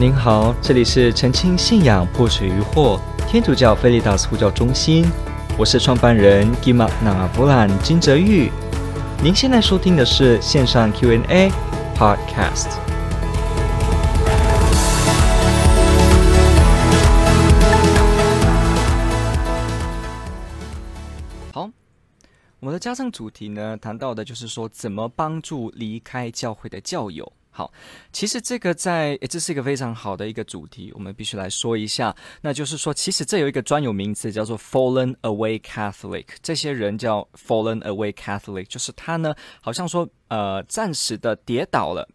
您好，這裡是澄清信仰破除疑惑天主教菲利達斯護教中心，我是創辦人 Kimat Nangavulan 金哲昱。您現在收聽的是線上 Q&A Podcast。好，我們的加上主題呢，談到的就是說怎麼幫助離開教會的教友。好，其實這個在，這是一個非常好的一個主題，我們必須來說一下。那就是說，其實這有一個專有名詞叫做 “Fallen Away Catholic”，這些人叫 “Fallen Away Catholic”，就是他呢，好像說，呃，暫時的跌倒了，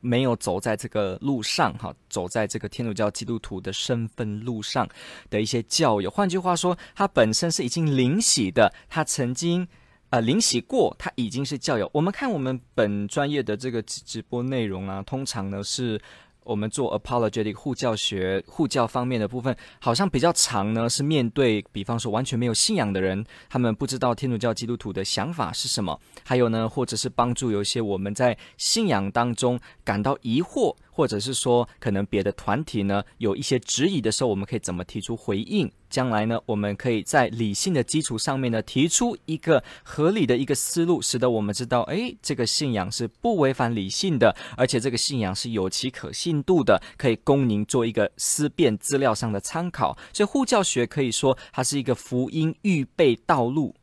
沒有走在這個路上，哈，走在這個天主教基督徒的身份路上的一些教友。換句話說，他本身是已經領洗的，他曾經。呃，領洗過，他已經是教友。我們看我們本專業的這個直播內容啊，通常呢是我們做 apologetic 護教學、護教方面的部分，好像比較長呢，是面對比方說完全沒有信仰的人，他們不知道天主教基督徒的想法是什麼，還有呢，或者是幫助有一些我們在信仰當中感到疑惑。或者是說，可能別的團體呢有一些質疑的時候，我們可以怎麼提出回應？將來呢，我們可以在理性的基礎上面呢提出一個合理的一個思路，使得我們知道，誒，這個信仰是不違反理性的，而且這個信仰是有其可信度的，可以供您做一個思辨資料上的參考。所以，護教學可以說它是一個福音預備道路。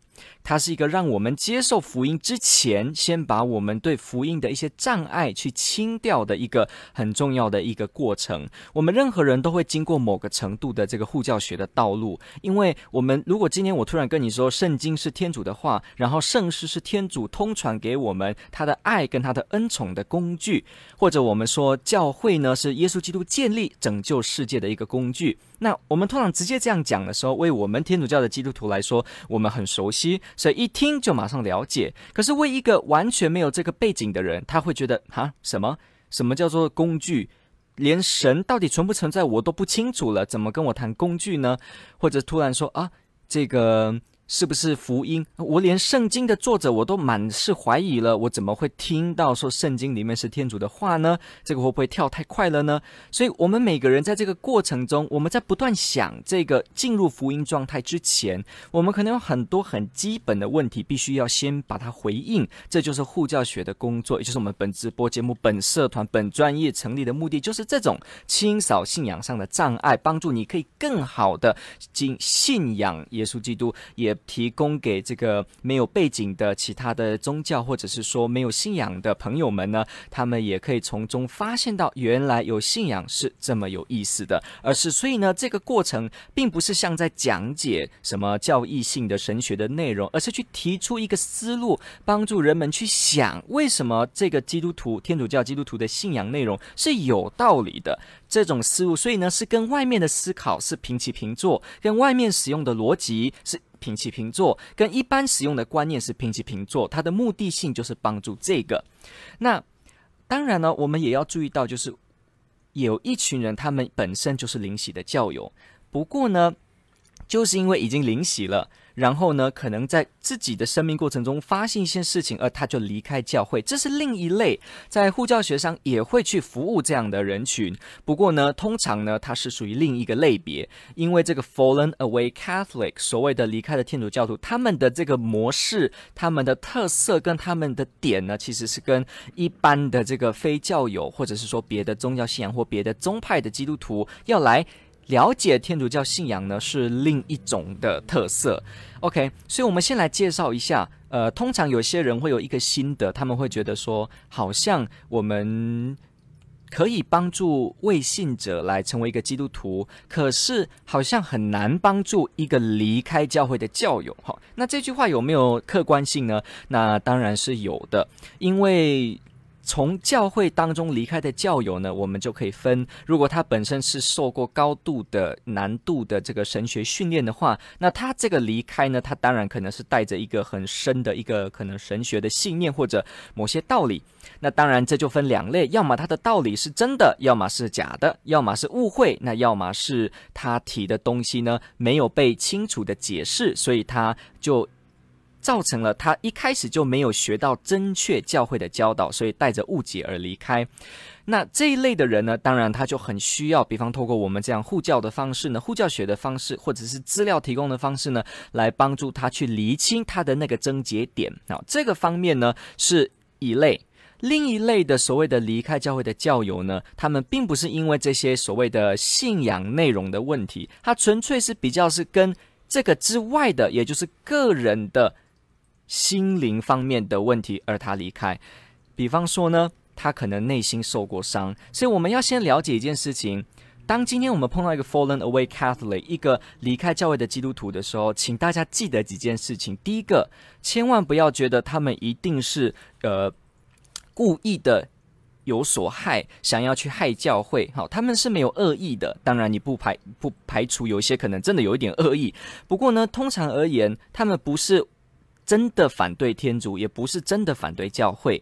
它是一個讓我們接受福音之前，先把我們對福音的一些障礙去清掉的一個很重要的一個過程。我們任何人都會經過某個程度的這個護教學的道路，因為我們如果今天我突然跟你說，聖經是天主的話，然後聖事是天主通傳給我們他的愛跟他的恩寵的工具，或者我們說教會呢是耶穌基督建立拯救世界的一個工具，那我們通常直接這樣講的時候，為我們天主教的基督徒來說，我們很熟悉。所以一聽就馬上了解，可是為一個完全沒有這個背景的人，他會覺得啊，什麼什麼叫做工具？連神到底存不存在我都不清楚了，怎麼跟我談工具呢？或者突然說啊，這個。是不是福音？我連聖經的作者我都滿是懷疑了。我怎麼會聽到說聖經裡面是天主的話呢？這個會不會跳太快了呢？所以，我們每個人在這個過程中，我們在不斷想這個進入福音狀態之前，我們可能有很多很基本的問題，必須要先把它回應。這就是護教學的工作，也就是我們本直播節目、本社團、本專頁成立的目的，就是這種清掃信仰上的障礙，幫助你可以更好的進信仰耶穌基督，也。提供給這個沒有背景的其他的宗教或者是說沒有信仰的朋友們呢，他們也可以從中發現到，原來有信仰是這麼有意思的。而是所以呢，這個過程並不是像在講解什麼教義性的神學的內容，而是去提出一個思路，幫助人們去想為什麼這個基督徒、天主教基督徒的信仰內容是有道理的。這種思路，所以呢是跟外面的思考是平起平坐，跟外面使用的邏輯是平起平坐，跟一般使用的觀念是平起平坐。它的目的性就是幫助這個。那當然呢，我們也要注意到，就是有一群人，他們本身就是領洗的教友，不過呢，就是因為已經領洗了。然後呢，可能在自己的生命過程中發現一些事情，而他就離開教會，這是另一類，在護教學上也會去服務這樣的人群。不過呢，通常呢，它是屬於另一個類別，因為這個 fallen away Catholic 所謂的離開的天主教徒，他們的這個模式、他們的特色跟他們的點呢，其實是跟一般的這個非教友，或者是說別的宗教信仰或別的宗派的基督徒要來。了解天主教信仰呢，是另一種的特色，OK，所以我們先來介紹一下。呃，通常有些人會有一個心得，他們會覺得說，好像我們可以幫助未信者來成為一個基督徒，可是好像很難幫助一個離開教會的教友。哈，那這句話有沒有客觀性呢？那當然是有的，因為。從教會當中離開的教友呢，我們就可以分，如果他本身是受過高度的難度的這個神學訓練的話，那他這個離開呢，他當然可能是帶着一個很深的一個可能神學的信念或者某些道理。那當然這就分兩類，要麼他的道理是真的，要麼是假的，要麼是誤會，那要麼是他提的東西呢，沒有被清楚的解釋，所以他就造成了他一開始就沒有學到正確教會的教導，所以帶着誤解而離開。那這一類的人呢，當然他就很需要，比方透過我們這樣護教的方式呢，護教學的方式，或者是資料提供的方式呢，來幫助他去釐清他的那個癥結點。那這個方面呢，是一類。另一類的所謂的離開教會的教友呢，他們並不是因為這些所謂的信仰內容的問題，他純粹是比較是跟這個之外的，也就是個人的。心靈方面的問題而他離開，比方說呢，他可能內心受過傷，所以我們要先了解一件事情。當今天我們碰到一個 fallen away Catholic，一個離開教會的基督徒的時候，請大家記得幾件事情。第一個，千萬不要覺得他們一定是呃故意的有所害，想要去害教會。好，他們是沒有惡意的。當然，你不排不排除有一些可能真的有一點惡意，不過呢，通常而言，他們不是。真的反對天主，也不是真的反對教會，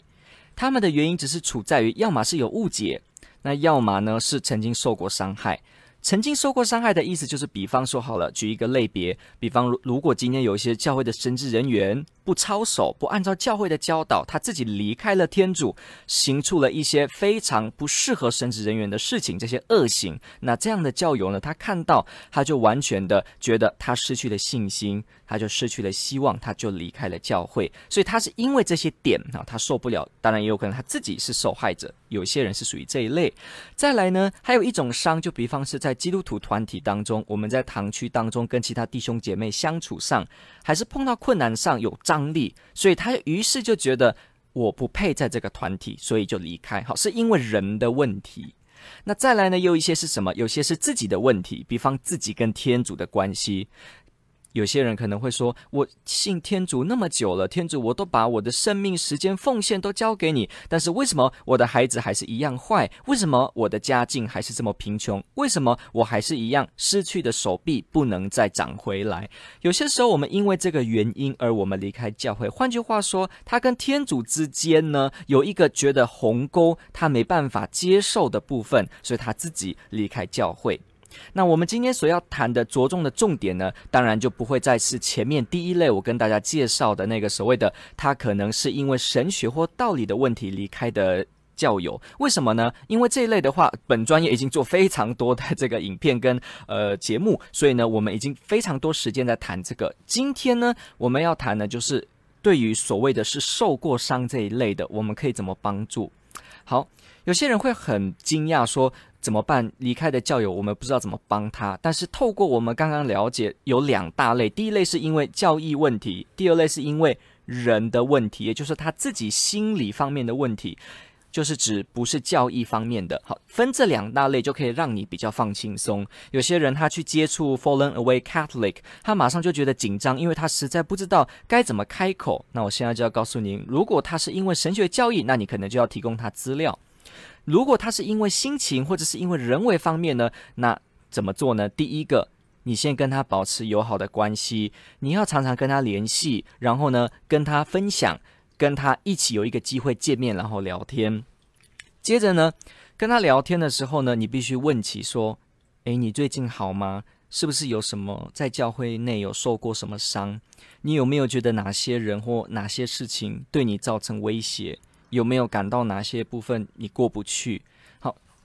他們的原因只是處在於，要麼是有誤解，那要麼呢，是曾經受過傷害。曾經受過傷害的意思就是，比方說好了，舉一個類別，比方如如果今天有一些教會的神職人員不操守，不按照教會的教導，他自己離開了天主，行出了一些非常不適合神職人員的事情，這些惡行，那這樣的教友呢，他看到他就完全的覺得他失去了信心，他就失去了希望，他就離開了教會，所以他是因為這些點啊，他受不了。當然也有可能他自己是受害者，有些人是屬於這一類。再來呢，還有一種傷，就比方是在。基督徒團體當中，我們在堂區當中跟其他弟兄姐妹相處上，還是碰到困難上有張力，所以他於是就覺得我不配在這個團體，所以就離開。好，是因為人的問題。那再來呢，又一些是什麼？有些是自己的問題，比方自己跟天主的關係。有些人可能會說：“我信天主那麼久了，天主我都把我的生命、時間、奉獻都交給你，但是為什麼我的孩子還是一樣壞？為什麼我的家境還是這麼貧窮？為什麼我還是一樣失去的手臂不能再長回來？”有些時候，我們因為這個原因而我們離開教會。換句話說，他跟天主之間呢，有一個覺得鴻溝，他沒辦法接受的部分，所以他自己離開教會。那我們今天所要談的着重的重點呢，當然就不會再是前面第一類我跟大家介紹的那個所謂的，他可能是因為神學或道理的問題離開的教友，為什麼呢？因為這一類的話，本專頁已經做非常多的這個影片跟呃節目，所以呢，我們已經非常多時間在談這個。今天呢，我們要談的就是對於所謂的是受過傷這一類的，我們可以怎麼幫助？好。有些人會很驚訝，說怎麼辦？離開的教友，我們不知道怎麼幫他。但是透過我們剛剛了解，有兩大類：第一類是因為教義問題，第二類是因為人的問題，也就是他自己心理方面的問題，就是指不是教義方面的。好，分這兩大類就可以讓你比較放輕鬆。有些人他去接觸 Fallen Away Catholic，他馬上就覺得緊張，因為他實在不知道該怎麼開口。那我現在就要告訴您，如果他是因為神學教義，那你可能就要提供他資料。如果他是因為心情或者是因為人為方面呢，那怎麼做呢？第一個，你先跟他保持友好的關係，你要常常跟他聯繫，然後呢，跟他分享，跟他一起有一個機會見面，然後聊天。接着呢，跟他聊天的時候呢，你必須問起說：“誒，你最近好嗎？是不是有什麼在教會內有受過什麼傷？你有沒有覺得哪些人或哪些事情對你造成威脅？”有沒有感到哪些部分你過不去？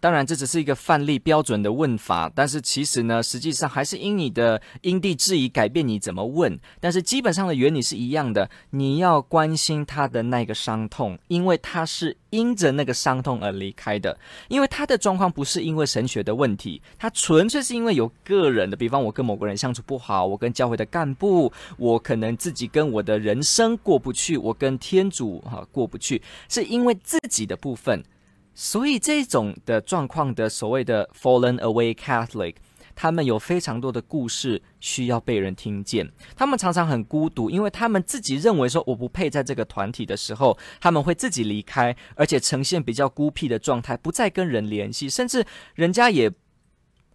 當然，這只是一個範例標準的問法，但是其實呢，實際上還是因你的因地制宜改變你怎麼問，但是基本上的原理是一樣的。你要關心他的那個傷痛，因為他是因着那個傷痛而離開的。因為他的狀況不是因為神學的問題，他純粹是因為有個人的，比方我跟某個人相處不好，我跟教會的幹部，我可能自己跟我的人生過不去，我跟天主哈、啊、過不去，是因為自己的部分。所以這種的狀況的所謂的 “fallen away Catholic”，他們有非常多的故事需要被人聽見。他們常常很孤獨，因為他們自己認為說我不配在這個團體的時候，他們會自己離開，而且呈現比較孤僻的狀態，不再跟人聯繫，甚至人家也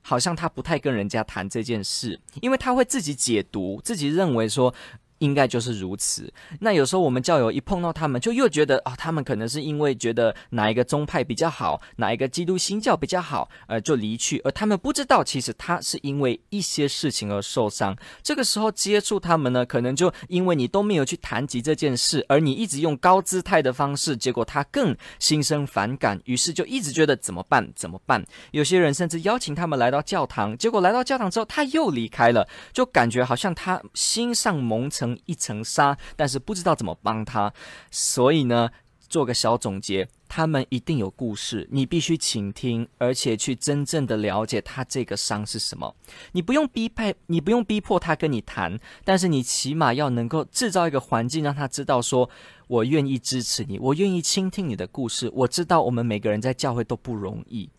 好像他不太跟人家談這件事，因為他會自己解讀，自己認為說。應該就是如此。那有時候我們教友一碰到他們，就又覺得啊、哦，他們可能是因為覺得哪一個宗派比較好，哪一個基督新教比較好，呃，就離去。而他們不知道，其實他是因為一些事情而受傷。這個時候接觸他們呢，可能就因為你都沒有去談及這件事，而你一直用高姿態的方式，結果他更心生反感，於是就一直覺得怎麼辦？怎麼辦？有些人甚至邀請他們來到教堂，結果來到教堂之後他又離開了，就感覺好像他心上蒙塵一層紗，但是不知道怎麼幫他，所以呢，做個小總結，他們一定有故事，你必須傾聽，而且去真正的了解他這個傷是什麼。你不用逼迫，你不用逼迫他跟你談，但是你起碼要能夠製造一個環境，讓他知道說，我願意支持你，我願意傾聽你的故事，我知道我們每個人在教會都不容易。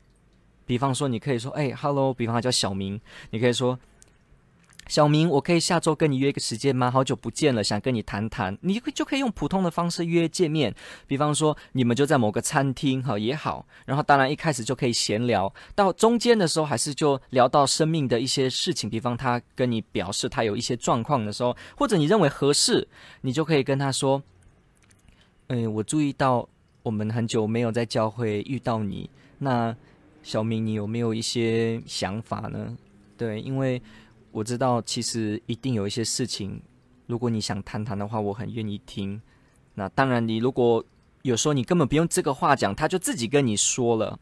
比方說，你可以說，哎，Hello，比方他叫小明，你可以說。小明，我可以下週跟你約一個時間嗎？好久不見了，想跟你談談。你就可以用普通的方式約見面，比方說你們就在某個餐廳哈也好。然後當然一開始就可以閒聊，到中間的時候還是就聊到生命的一些事情。比方他跟你表示他有一些狀況的時候，或者你認為合適，你就可以跟他說：“嗯、哎，我注意到我們很久沒有在教會遇到你。那小明，你有沒有一些想法呢？”對，因為。我知道，其實一定有一些事情，如果你想談談的話，我很願意聽。那當然，你如果有時候你根本不用這個話講，他就自己跟你說了。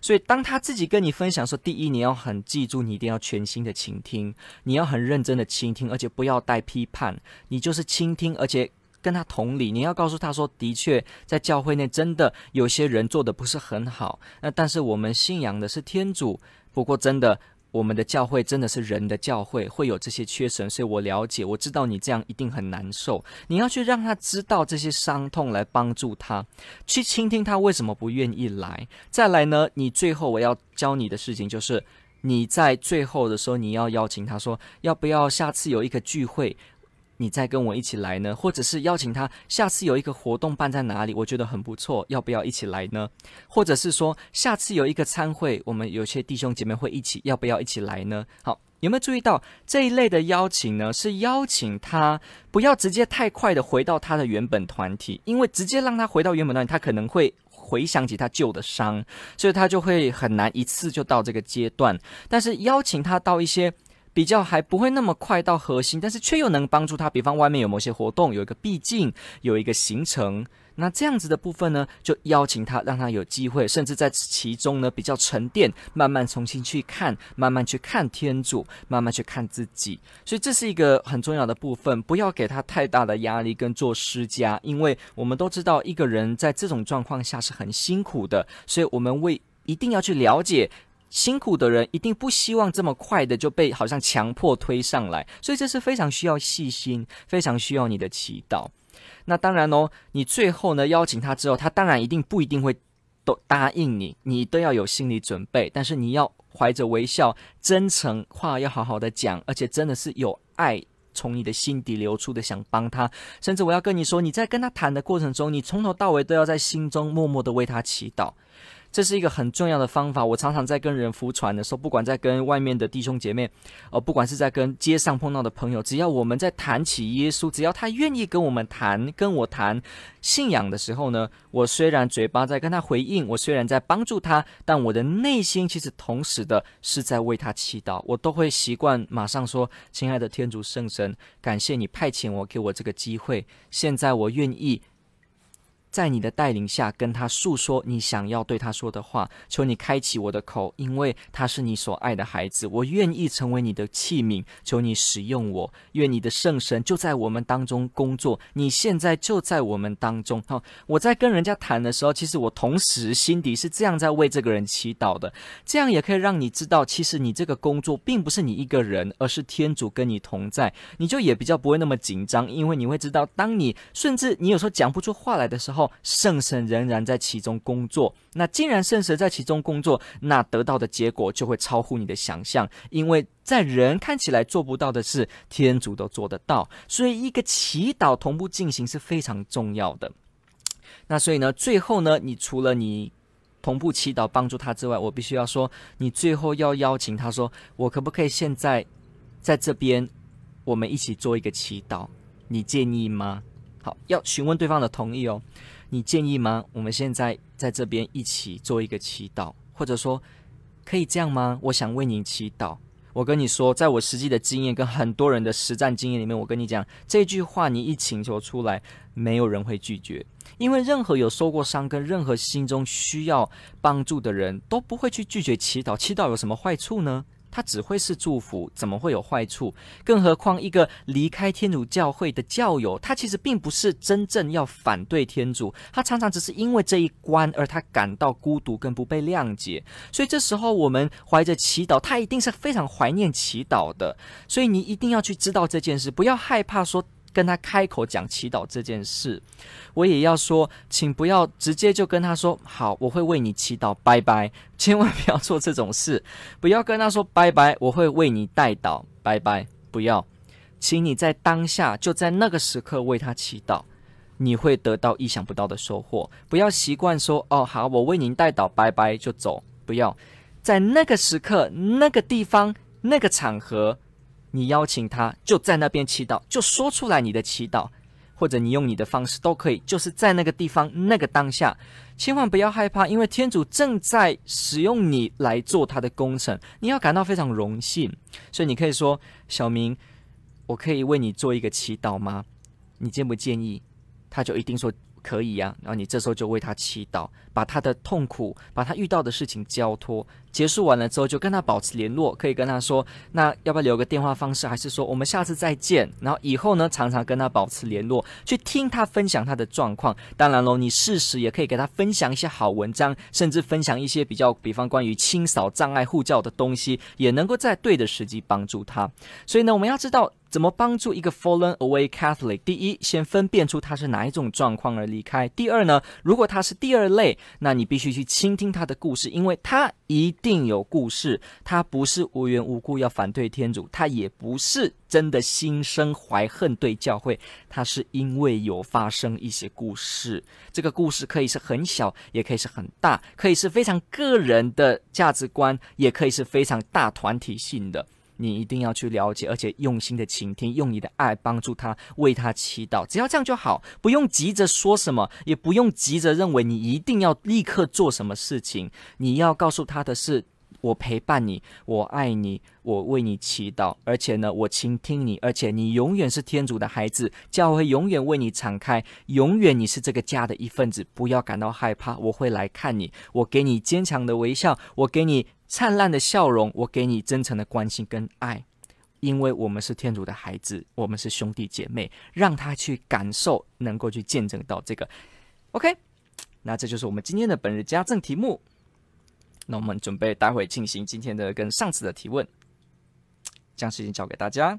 所以，當他自己跟你分享說，第一，你要很記住，你一定要全心的傾聽，你要很認真的傾聽，而且不要帶批判，你就是傾聽，而且跟他同理。你要告訴他說，的確，在教會內真的有些人做的不是很好，那但是我們信仰的是天主，不過真的。我們的教會真的是人的教會，會有這些缺神，所以我了解，我知道你這樣一定很難受。你要去讓他知道這些傷痛，來幫助他，去傾聽他為什麼不願意來。再來呢？你最後我要教你的事情就是，你在最後的時候，你要邀請他說，要不要下次有一個聚會。你再跟我一起來呢，或者是邀請他，下次有一個活動辦在哪裡，我覺得很不錯，要不要一起來呢？或者是說，下次有一個餐會，我們有些弟兄姐妹會一起，要不要一起來呢？好，有沒有注意到這一類的邀請呢？是邀請他，不要直接太快的回到他的原本團體，因為直接讓他回到原本團體，他可能會回想起他舊的傷，所以他就會很難一次就到這個階段。但是邀請他到一些。比較還不會那麼快到核心，但是卻又能幫助他。比方外面有某些活動，有一個避靜，有一個行程，那這樣子的部分呢，就邀請他，讓他有機會，甚至在其中呢比較沉澱，慢慢重新去看，慢慢去看天主，慢慢去看自己。所以這是一個很重要的部分，不要給他太大的壓力跟做施加，因為我們都知道一個人在這種狀況下是很辛苦的，所以我們為一定要去了解。辛苦的人一定不希望這麼快的就被好像強迫推上來，所以這是非常需要細心，非常需要你的祈禱。那當然哦，你最後呢，邀請他之後，他當然一定不一定會都答應你，你都要有心理準備。但是你要懷着微笑，真誠，話要好好的講，而且真的是有愛從你的心底流出的，想幫他。甚至我要跟你說，你在跟他談的過程中，你從頭到尾都要在心中默默的為他祈禱。這是一個很重要的方法。我常常在跟人福傳的時候，不管在跟外面的弟兄姐妹，呃，不管是在跟街上碰到的朋友，只要我們在談起耶穌，只要他願意跟我們談、跟我談信仰的時候呢，我雖然嘴巴在跟他回應，我雖然在幫助他，但我的內心其實同時的是在為他祈禱。我都會習慣馬上說：“親愛的天主聖神，感謝你派遣我給我這個機會，現在我願意。”在你的帶領下，跟他訴說你想要對他說的話。求你開啟我的口，因為他是你所愛的孩子。我願意成為你的器皿。求你使用我，願你的聖神就在我們當中工作。你現在就在我們當中。好，我在跟人家談的時候，其實我同時心底是這樣在為這個人祈禱的。這樣也可以讓你知道，其實你這個工作並不是你一個人，而是天主跟你同在。你就也比較不會那麼緊張，因為你會知道，當你甚至你有時候講不出話來的時候。聖神仍然在其中工作。那既然聖神在其中工作，那得到的結果就會超乎你的想象。因為在人看起來做不到的事，天主都做得到。所以，一個祈禱同步進行是非常重要的。那所以呢，最後呢，你除了你同步祈禱幫助他之外，我必須要說，你最後要邀請他說：“我可不可以現在在這邊，我們一起做一個祈禱？你介意嗎？”好，要詢問對方的同意哦。你建議嗎？我們現在在這邊一起做一個祈禱，或者說可以這樣嗎？我想為您祈禱。我跟你說，在我實際的經驗跟很多人的實戰經驗裡面，我跟你講這句話，你一請求出來，沒有人會拒絕，因為任何有受過傷跟任何心中需要幫助的人都不會去拒絕祈禱。祈禱有什麼壞處呢？他只會是祝福，怎麼會有壞處？更何況一個離開天主教會的教友，他其實並不是真正要反對天主，他常常只是因為這一關而他感到孤獨跟不被諒解。所以這時候我們懷着祈禱，他一定是非常懷念祈禱的。所以你一定要去知道這件事，不要害怕說。跟他開口講祈禱這件事，我也要說，請不要直接就跟他說好，我會為你祈禱，拜拜，千萬不要做這種事，不要跟他說拜拜，我會為你代禱。拜拜，不要，請你在當下，就在那個時刻為他祈禱，你會得到意想不到的收穫。不要習慣說哦好，我為您代禱。拜拜就走，不要在那個時刻、那個地方、那個場合。你邀請他就在那邊祈禱，就說出來你的祈禱，或者你用你的方式都可以，就是在那個地方，那個當下，千萬不要害怕，因為天主正在使用你來做他的工程，你要感到非常榮幸。所以你可以說：“小明，我可以為你做一個祈禱嗎？你介不介意？”他就一定說：“可以呀、啊。”然後你這時候就為他祈禱，把他的痛苦，把他遇到的事情交托。結束完了之後，就跟他保持聯絡，可以跟他說，那要不要留個電話方式？還是說我們下次再見？然後以後呢，常常跟他保持聯絡，去聽他分享他的狀況。當然嘍，你適時也可以給他分享一些好文章，甚至分享一些比較，比方關於清掃障礙護教的東西，也能夠在對的時機幫助他。所以呢，我們要知道怎麼幫助一個 fallen away Catholic。第一，先分辨出他是哪一種狀況而離開。第二呢，如果他是第二類，那你必須去傾聽他的故事，因為他一定。定有故事，他不是無緣無故要反對天主，他也不是真的心生懷恨對教會，他是因為有發生一些故事。這個故事可以是很小，也可以是很大，可以是非常個人的價值觀，也可以是非常大團體性的。你一定要去了解，而且用心的傾聽，用你的愛幫助他，為他祈禱。只要這樣就好，不用急着說什麼，也不用急着認為你一定要立刻做什麼事情。你要告訴他的是：我陪伴你，我愛你，我為你祈禱，而且呢，我傾聽你，而且你永遠是天主的孩子，教會永遠為你敞開，永遠你是這個家的一份子，不要感到害怕，我會來看你，我給你堅強的微笑，我給你。燦爛的笑容，我給你真誠的關心跟愛，因為我們是天主的孩子，我們是兄弟姐妹，讓他去感受，能夠去見證到這個。OK，那這就是我們今天的本日家政題目。那我們準備待會進行今天的跟上次的提問，將事情交給大家。